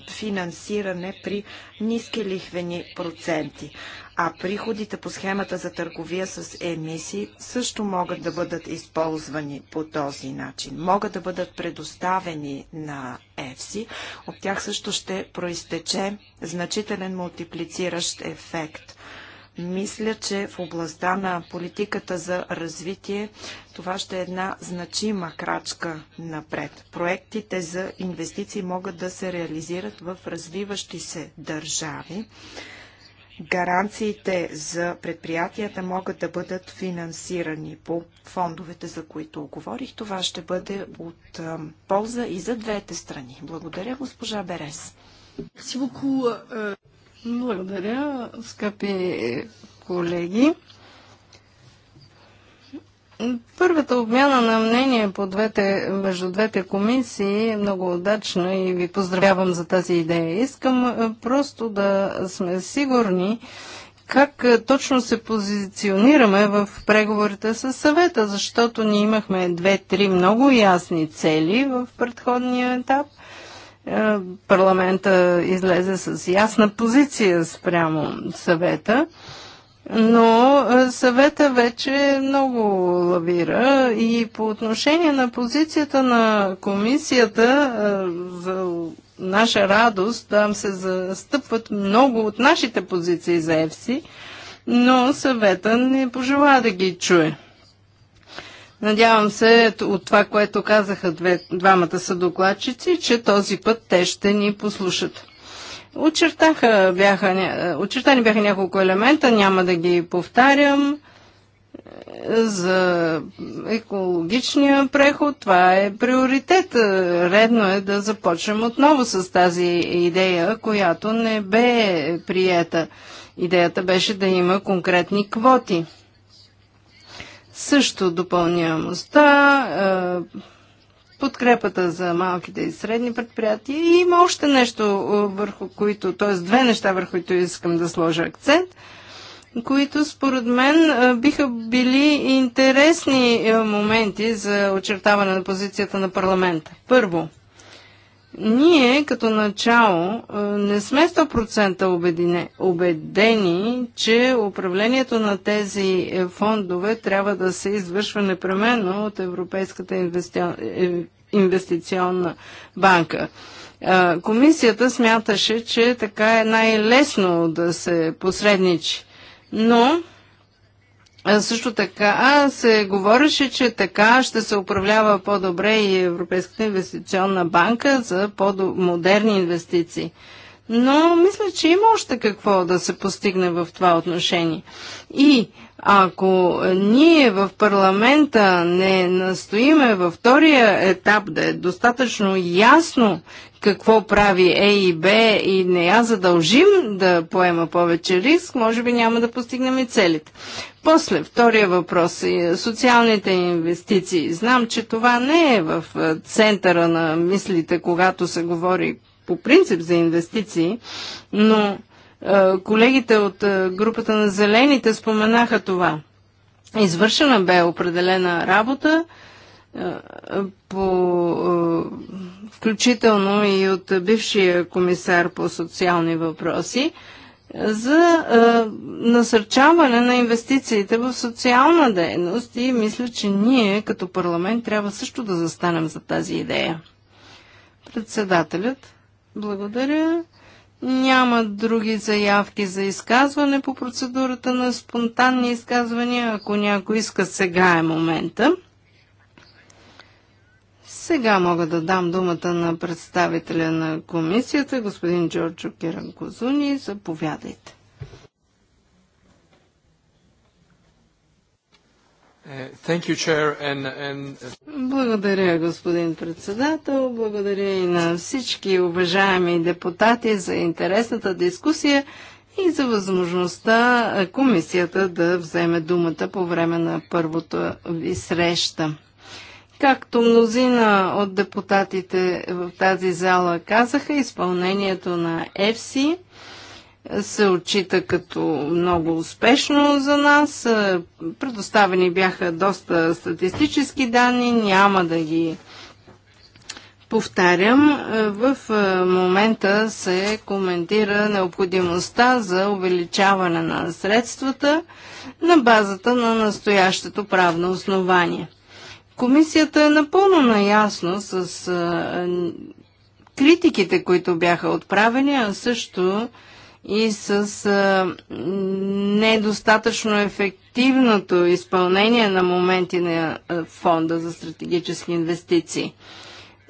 финансиране при ниски лихвени проценти. А приходите по схемата за търговия с емисии също могат да бъдат използвани по този начин. Могат да бъдат предоставени на ЕФСИ. От тях също ще проистече значителен мултиплициращ ефект. Мисля, че в областта на политиката за развитие това ще е една значима крачка напред. Проектите за инвестиции могат да се реализират в развиващи се държави. Гаранциите за предприятията могат да бъдат финансирани по фондовете, за които говорих. Това ще бъде от полза и за двете страни. Благодаря, госпожа Берес. Благодаря, скъпи колеги. Първата обмяна на мнение по двете, между двете комисии е много удачна и ви поздравявам за тази идея. Искам просто да сме сигурни как точно се позиционираме в преговорите с съвета, защото ние имахме две-три много ясни цели в предходния етап – е, парламента излезе с ясна позиция спрямо съвета, но е, съвета вече много лавира и по отношение на позицията на комисията е, за наша радост, там се застъпват много от нашите позиции за ЕФСИ, но съвета не пожела да ги чуе. Надявам се от това, което казаха две, двамата са докладчици, че този път те ще ни послушат. Очертаха бяха, очертани бяха няколко елемента, няма да ги повтарям. За екологичния преход това е приоритет. Редно е да започнем отново с тази идея, която не бе приета. Идеята беше да има конкретни квоти. Също допълняемостта, подкрепата за малките и средни предприятия и има още нещо върху които, т.е. две неща върху които искам да сложа акцент които според мен биха били интересни моменти за очертаване на позицията на парламента. Първо, ние като начало е, не сме 100% убедени, че управлението на тези е, фондове трябва да се извършва непременно от Европейската е, инвестиционна банка. Комисията смяташе, че така е най-лесно да се посредничи. Но също така се говореше, че така ще се управлява по-добре и Европейската инвестиционна банка за по-модерни инвестиции но мисля, че има още какво да се постигне в това отношение. И ако ние в парламента не настоиме във втория етап да е достатъчно ясно какво прави Е и Б и не я задължим да поема повече риск, може би няма да постигнем и целите. После, втория въпрос е социалните инвестиции. Знам, че това не е в е, центъра на мислите, когато се говори по принцип за инвестиции, но колегите от групата на зелените споменаха това. Извършена бе определена работа, по, включително и от бившия комисар по социални въпроси, за насърчаване на инвестициите в социална дейност и мисля, че ние като парламент трябва също да застанем за тази идея. Председателят благодаря. Няма други заявки за изказване по процедурата на спонтанни изказвания. Ако някой иска, сега е момента. Сега мога да дам думата на представителя на комисията, господин Джорджо Керан Козуни. Заповядайте. Благодаря, господин председател. Благодаря и на всички уважаеми депутати за интересната дискусия и за възможността комисията да вземе думата по време на първото ви среща. Както мнозина от депутатите в тази зала казаха, изпълнението на ЕФСИ – се отчита като много успешно за нас. Е, предоставени бяха доста статистически данни, няма да ги повтарям. Е, в е, момента се коментира необходимостта за увеличаване на средствата на базата на настоящето правно основание. Комисията е напълно наясно с критиките, които бяха отправени, а също и с недостатъчно ефективното изпълнение на моменти на фонда за стратегически инвестиции.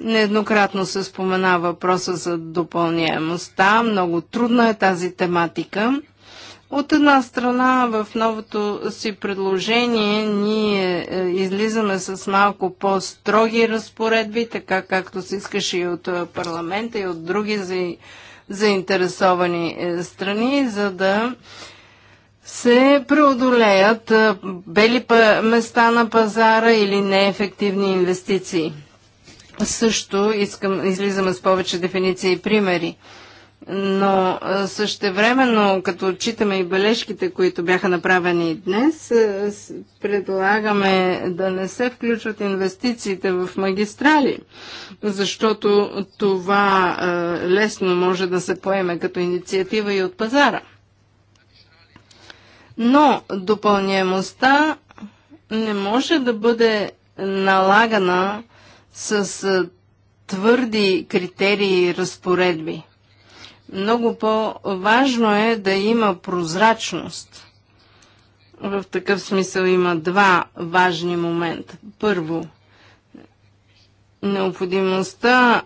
Нееднократно се спомена въпроса за допълняемостта. Много трудна е тази тематика. От една страна, в новото си предложение ние е, излизаме с малко по-строги разпоредби, така както се искаше и от парламента и от други за заинтересовани е, страни, за да се преодолеят е, бели места на пазара или неефективни инвестиции. Също искам, излизаме с повече дефиниции и примери но същевременно, като отчитаме и бележките, които бяха направени днес, предлагаме да не се включват инвестициите в магистрали, защото това лесно може да се поеме като инициатива и от пазара. Но допълняемостта не може да бъде налагана с твърди критерии и разпоредби. Много по-важно е да има прозрачност. В такъв смисъл има два важни момента. Първо, необходимостта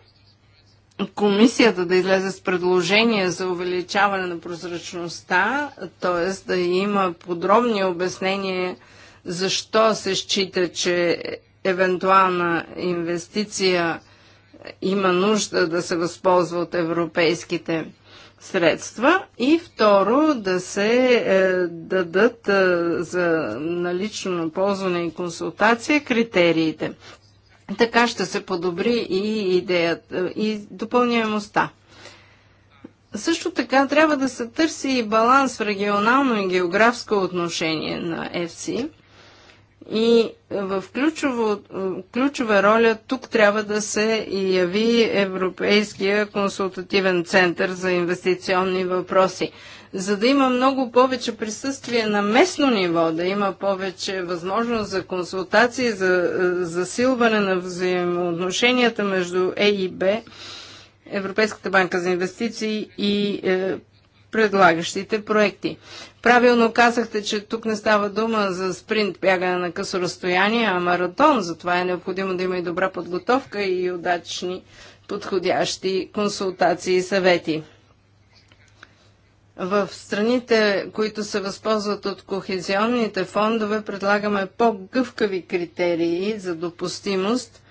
комисията да излезе с предложение за увеличаване на прозрачността, т.е. да има подробни обяснения защо се счита, че евентуална инвестиция има нужда да се възползва от европейските средства и второ да се е, дадат е, за налично ползване и консултация критериите. Така ще се подобри и идеята, е, и допълняемостта. Също така трябва да се търси и баланс в регионално и географско отношение на ЕФСИ и в ключово, ключова роля тук трябва да се яви Европейския консултативен център за инвестиционни въпроси. За да има много повече присъствие на местно ниво, да има повече възможност за консултации, за е, засилване на взаимоотношенията между Е и Б, Европейската банка за инвестиции и е, предлагащите проекти. Правилно казахте, че тук не става дума за спринт, бягане на късо разстояние, а маратон. Затова е необходимо да има и добра подготовка и удачни подходящи консултации и съвети. В страните, които се възползват от кохезионните фондове, предлагаме по-гъвкави критерии за допустимост –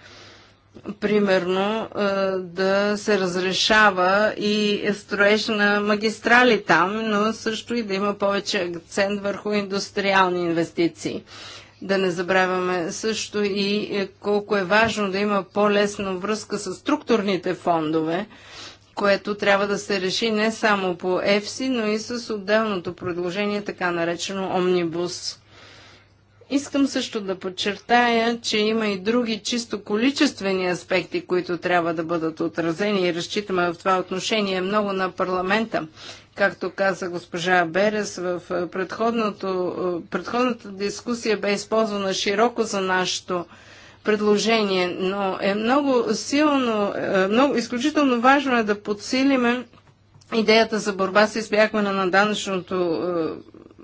примерно, е, да се разрешава и строеж на магистрали там, но също и да има повече акцент върху индустриални инвестиции. Да не забравяме също и е, колко е важно да има по-лесна връзка с структурните фондове, което трябва да се реши не само по ЕФСИ, но и с отделното предложение, така наречено Омнибус. Искам също да подчертая, че има и други чисто количествени аспекти, които трябва да бъдат отразени и разчитаме в това отношение много на парламента. Както каза госпожа Берес, в предходната дискусия бе използвана широко за нашето предложение, но е много силно, е, много, изключително важно е да подсилиме идеята за борба с избягване на данъчното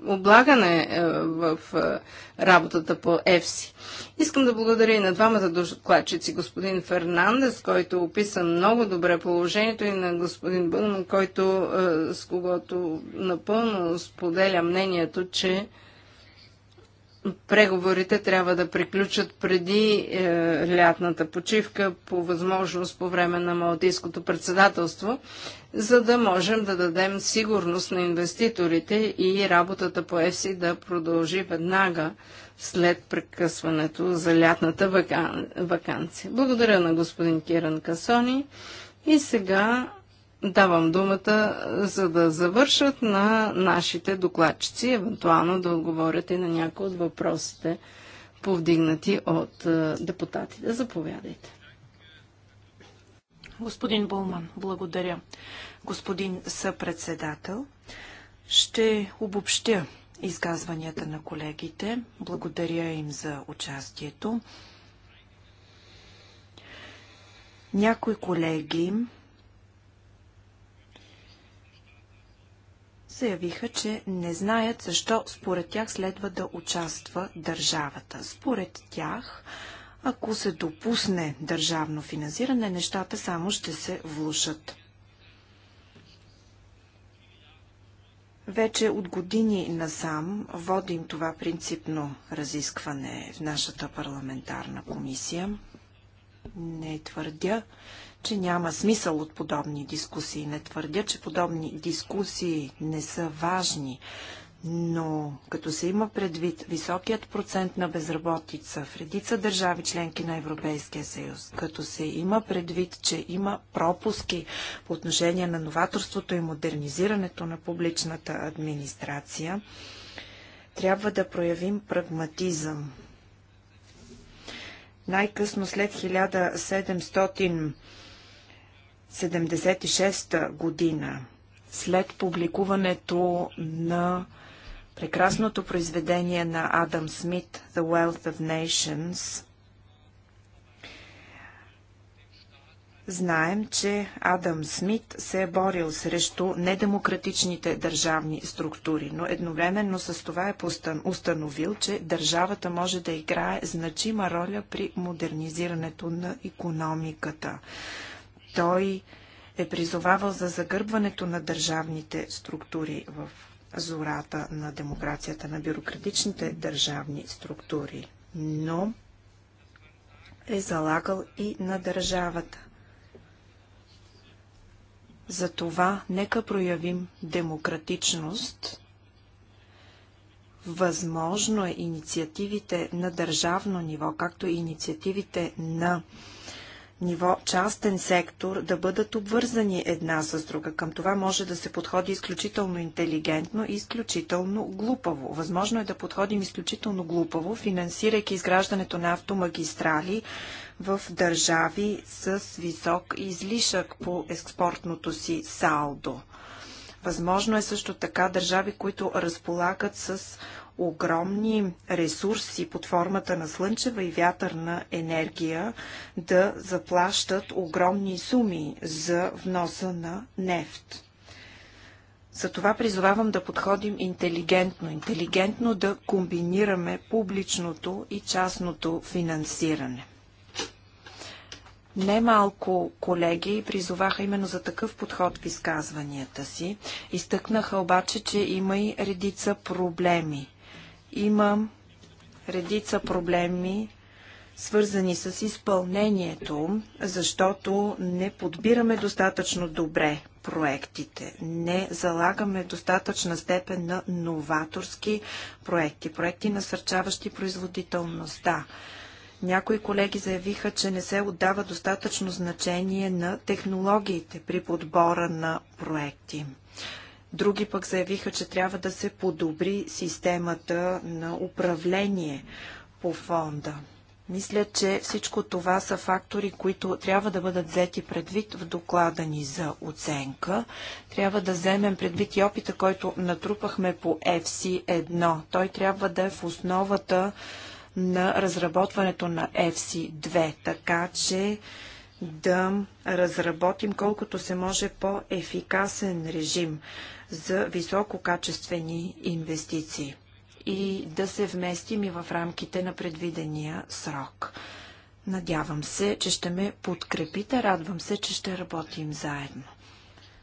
облагане е, в е, работата по ЕФСИ. Искам да благодаря и на двамата докладчици, господин Фернандес, който описа много добре положението, и на господин Бълман, който е, с когото напълно споделя мнението, че преговорите трябва да приключат преди е, лятната почивка, по възможност по време на Малтийското председателство, за да можем да дадем сигурност на инвеститорите и работата по ЕФСИ да продължи веднага след прекъсването за лятната вакан... вакансия. Благодаря на господин Киран Касони. И сега Давам думата, за да завършат на нашите докладчици, евентуално да отговорят и на някои от въпросите, повдигнати от е, депутатите. Заповядайте. Господин Булман, благодаря. Господин съпредседател, ще обобщя изказванията на колегите. Благодаря им за участието. Някои колеги заявиха, че не знаят защо според тях следва да участва държавата. Според тях, ако се допусне държавно финансиране, нещата само ще се влушат. Вече от години насам водим това принципно разискване в нашата парламентарна комисия. Не твърдя, че няма смисъл от подобни дискусии. Не твърдя, че подобни дискусии не са важни, но като се има предвид високият процент на безработица в редица държави членки на Европейския съюз, като се има предвид, че има пропуски по отношение на новаторството и модернизирането на публичната администрация, трябва да проявим прагматизъм. Най-късно след 1700 76-та година, след публикуването на прекрасното произведение на Адам Смит The Wealth of Nations, Знаем, че Адам Смит се е борил срещу недемократичните държавни структури, но едновременно с това е установил, че държавата може да играе значима роля при модернизирането на економиката. Той е призовавал за загърбването на държавните структури в зората на демокрацията, на бюрократичните държавни структури, но е залагал и на държавата. Затова нека проявим демократичност. Възможно е инициативите на държавно ниво, както и инициативите на ниво частен сектор да бъдат обвързани една с друга. Към това може да се подходи изключително интелигентно и изключително глупаво. Възможно е да подходим изключително глупаво, финансирайки изграждането на автомагистрали в държави с висок излишък по експортното си салдо. Възможно е също така държави, които разполагат с огромни ресурси под формата на слънчева и вятърна енергия да заплащат огромни суми за вноса на нефт. Затова призовавам да подходим интелигентно, интелигентно да комбинираме публичното и частното финансиране. Немалко колеги призоваха именно за такъв подход в изказванията си. Изтъкнаха обаче, че има и редица проблеми. Има редица проблеми, свързани с изпълнението, защото не подбираме достатъчно добре проектите. Не залагаме достатъчна степен на новаторски проекти, проекти насърчаващи производителността. Някои колеги заявиха, че не се отдава достатъчно значение на технологиите при подбора на проекти. Други пък заявиха, че трябва да се подобри системата на управление по фонда. Мисля, че всичко това са фактори, които трябва да бъдат взети предвид в доклада ни за оценка. Трябва да вземем предвид и опита, който натрупахме по FC1. Той трябва да е в основата на разработването на FC2, така че да разработим колкото се може по-ефикасен режим за висококачествени инвестиции и да се вместим и в рамките на предвидения срок. Надявам се, че ще ме подкрепите, радвам се, че ще работим заедно.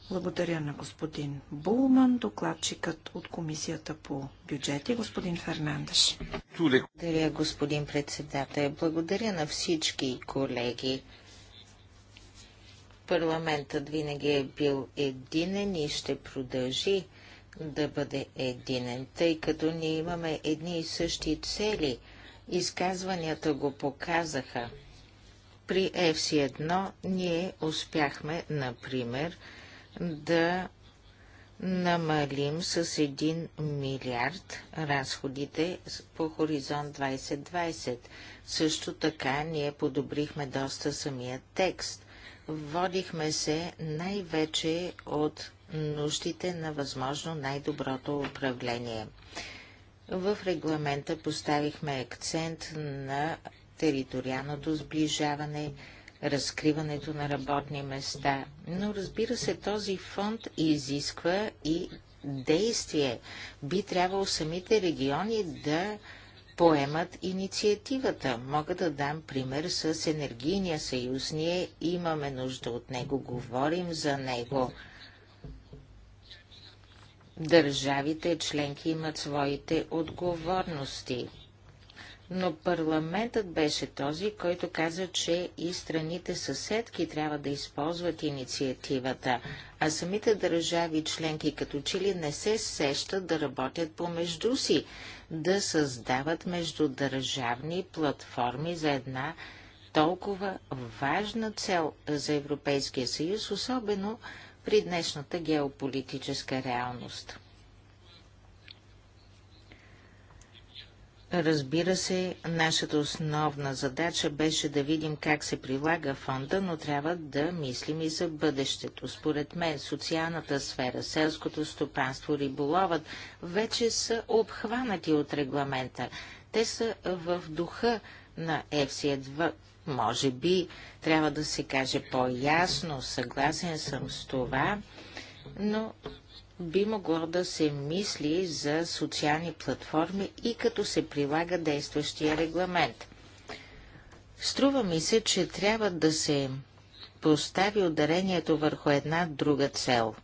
Благодаря на господин Булман, докладчикът от Комисията по бюджети, господин Фернандеш. Благодаря, господин председател. Благодаря на всички колеги. Парламентът винаги е бил единен и ще продължи да бъде единен, тъй като ние имаме едни и същи цели. Изказванията го показаха. При FC1 ние успяхме, например, да намалим с 1 милиард разходите по Хоризонт 2020. Също така ние подобрихме доста самия текст. Водихме се най-вече от нуждите на възможно най-доброто управление. В регламента поставихме акцент на териториалното сближаване, разкриването на работни места. Но разбира се, този фонд изисква и действие. Би трябвало самите региони да поемат инициативата. Мога да дам пример с Енергийния съюз. Ние имаме нужда от него, говорим за него. Държавите членки имат своите отговорности. Но парламентът беше този, който каза, че и страните съседки трябва да използват инициативата, а самите държави членки като че ли не се сещат да работят помежду си да създават междудържавни платформи за една толкова важна цел за Европейския съюз, особено при днешната геополитическа реалност. Разбира се, нашата основна задача беше да видим как се прилага фонда, но трябва да мислим и за бъдещето. Според мен, социалната сфера, селското стопанство, риболовът вече са обхванати от регламента. Те са в духа на FC2. Може би трябва да се каже по-ясно, съгласен съм с това, но би могло да се мисли за социални платформи и като се прилага действащия регламент. Струва ми се, че трябва да се постави ударението върху една друга цел.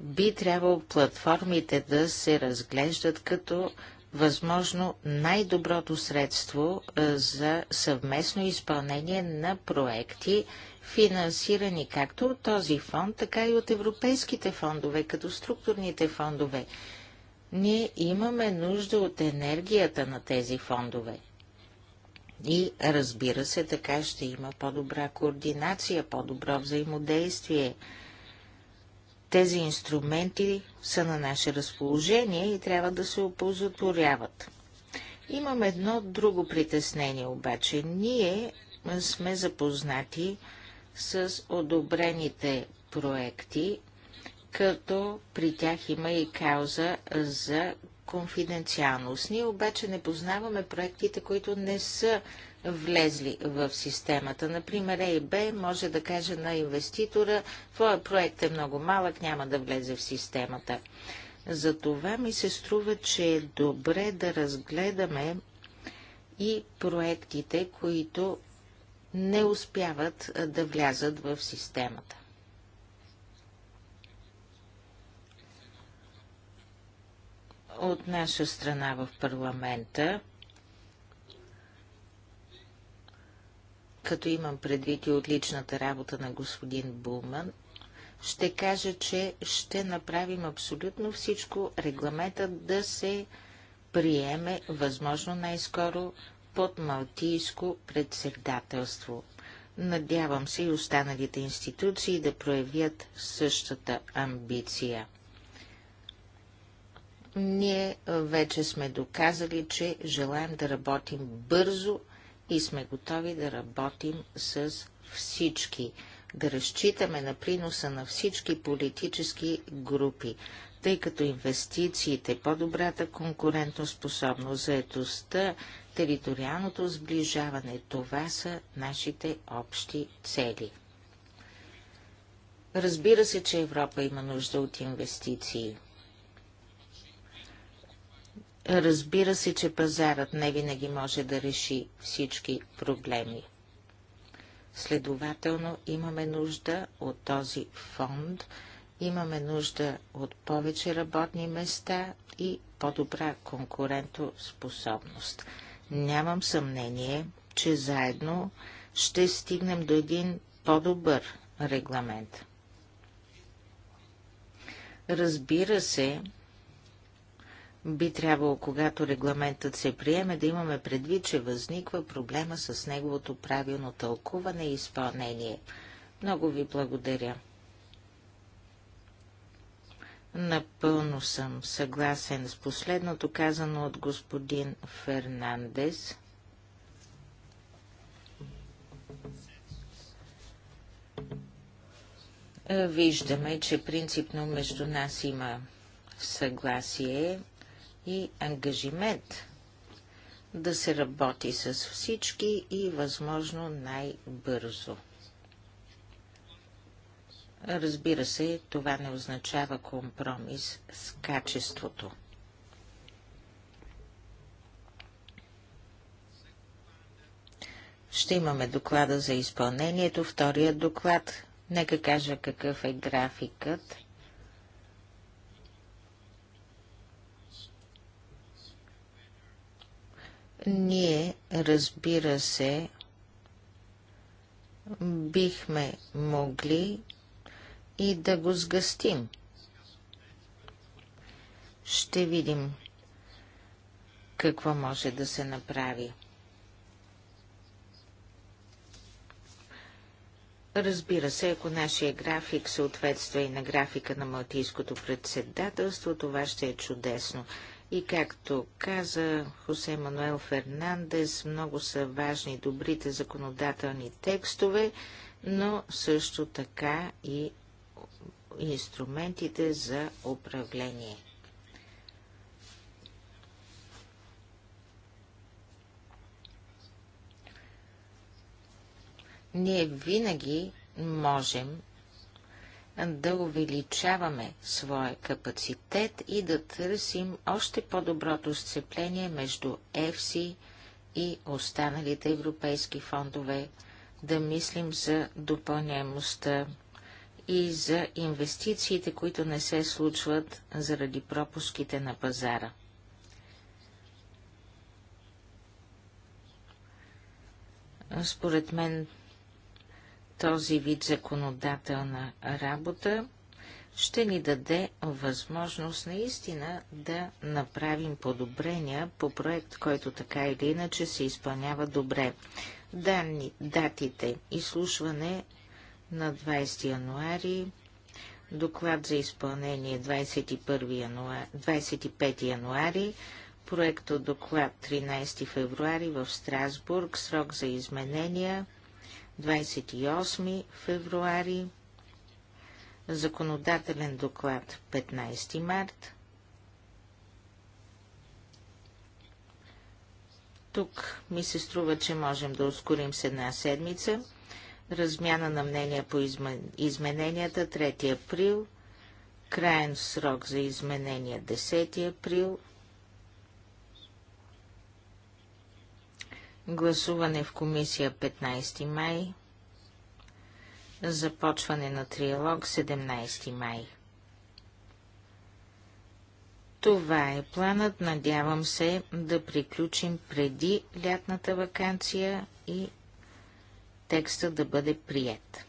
Би трябвало платформите да се разглеждат като възможно най-доброто средство за съвместно изпълнение на проекти финансирани както от този фонд, така и от европейските фондове, като структурните фондове. Ние имаме нужда от енергията на тези фондове. И разбира се, така ще има по-добра координация, по-добро взаимодействие. Тези инструменти са на наше разположение и трябва да се опозотворяват. Имам едно друго притеснение обаче. Ние сме запознати с одобрените проекти, като при тях има и кауза за конфиденциалност. Ние обаче не познаваме проектите, които не са влезли в системата. Например, ЕИБ може да каже на инвеститора, твоя проект е много малък, няма да влезе в системата. Затова ми се струва, че е добре да разгледаме и проектите, които не успяват да влязат в системата. От наша страна в парламента, като имам предвид и личната работа на господин Булман, ще кажа, че ще направим абсолютно всичко регламента да се приеме възможно най-скоро под малтийско председателство. Надявам се и останалите институции да проявят същата амбиция. Ние вече сме доказали, че желаем да работим бързо и сме готови да работим с всички, да разчитаме на приноса на всички политически групи тъй като инвестициите, по-добрата конкурентоспособност, заедостта, териториалното сближаване, това са нашите общи цели. Разбира се, че Европа има нужда от инвестиции. Разбира се, че пазарът не винаги може да реши всички проблеми. Следователно имаме нужда от този фонд – Имаме нужда от повече работни места и по-добра конкурентоспособност. Нямам съмнение, че заедно ще стигнем до един по-добър регламент. Разбира се, би трябвало, когато регламентът се приеме, да имаме предвид, че възниква проблема с неговото правилно тълкуване и изпълнение. Много ви благодаря. Напълно съм съгласен с последното казано от господин Фернандес. Виждаме, че принципно между нас има съгласие и ангажимент да се работи с всички и възможно най-бързо. Разбира се, това не означава компромис с качеството. Ще имаме доклада за изпълнението, втория доклад. Нека кажа какъв е графикът. Ние, разбира се, бихме могли и да го сгъстим. Ще видим какво може да се направи. Разбира се, ако нашия график съответства и на графика на Малтийското председателство, това ще е чудесно. И както каза Хосе Мануел Фернандес, много са важни добрите законодателни текстове, но също така и инструментите за управление. Ние винаги можем да увеличаваме своя капацитет и да търсим още по-доброто сцепление между ЕФСИ и останалите европейски фондове, да мислим за допълняемостта, и за инвестициите, които не се случват заради пропуските на пазара. Според мен този вид законодателна работа ще ни даде възможност наистина да направим подобрения по проект, който така или иначе се изпълнява добре. Данни, датите, изслушване на 20 януари, доклад за изпълнение 21 януари, 25 януари, проекто доклад 13 февруари в Страсбург, срок за изменения 28 февруари, законодателен доклад 15 март. Тук ми се струва, че можем да ускорим с една седмица. Размяна на мнения по измененията 3 април. Краен срок за изменения 10 април. Гласуване в комисия 15 май. Започване на триалог 17 май. Това е планът. Надявам се да приключим преди лятната вакансия и текста да бъде прият.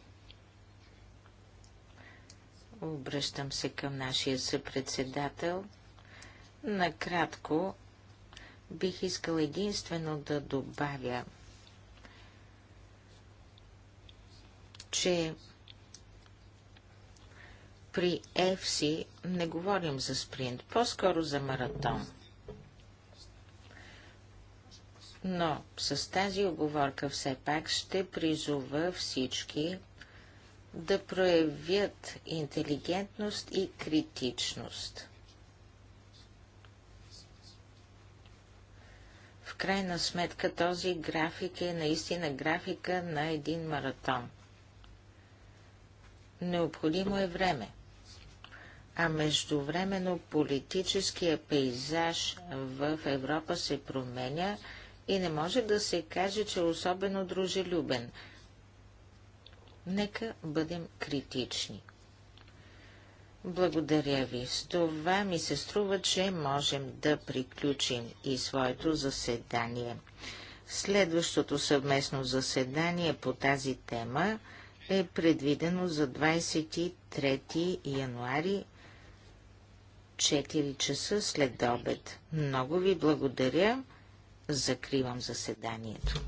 Обръщам се към нашия съпредседател. Накратко бих искал единствено да добавя, че при EFSI не говорим за спринт, по-скоро за маратон. Но с тази оговорка все пак ще призова всички да проявят интелигентност и критичност. В крайна сметка този график е наистина графика на един маратон. Необходимо е време. А междувременно политическия пейзаж в Европа се променя и не може да се каже, че е особено дружелюбен. Нека бъдем критични. Благодаря ви. С това ми се струва, че можем да приключим и своето заседание. Следващото съвместно заседание по тази тема е предвидено за 23 януари 4 часа след обед. Много ви благодаря. Закривам заседанието.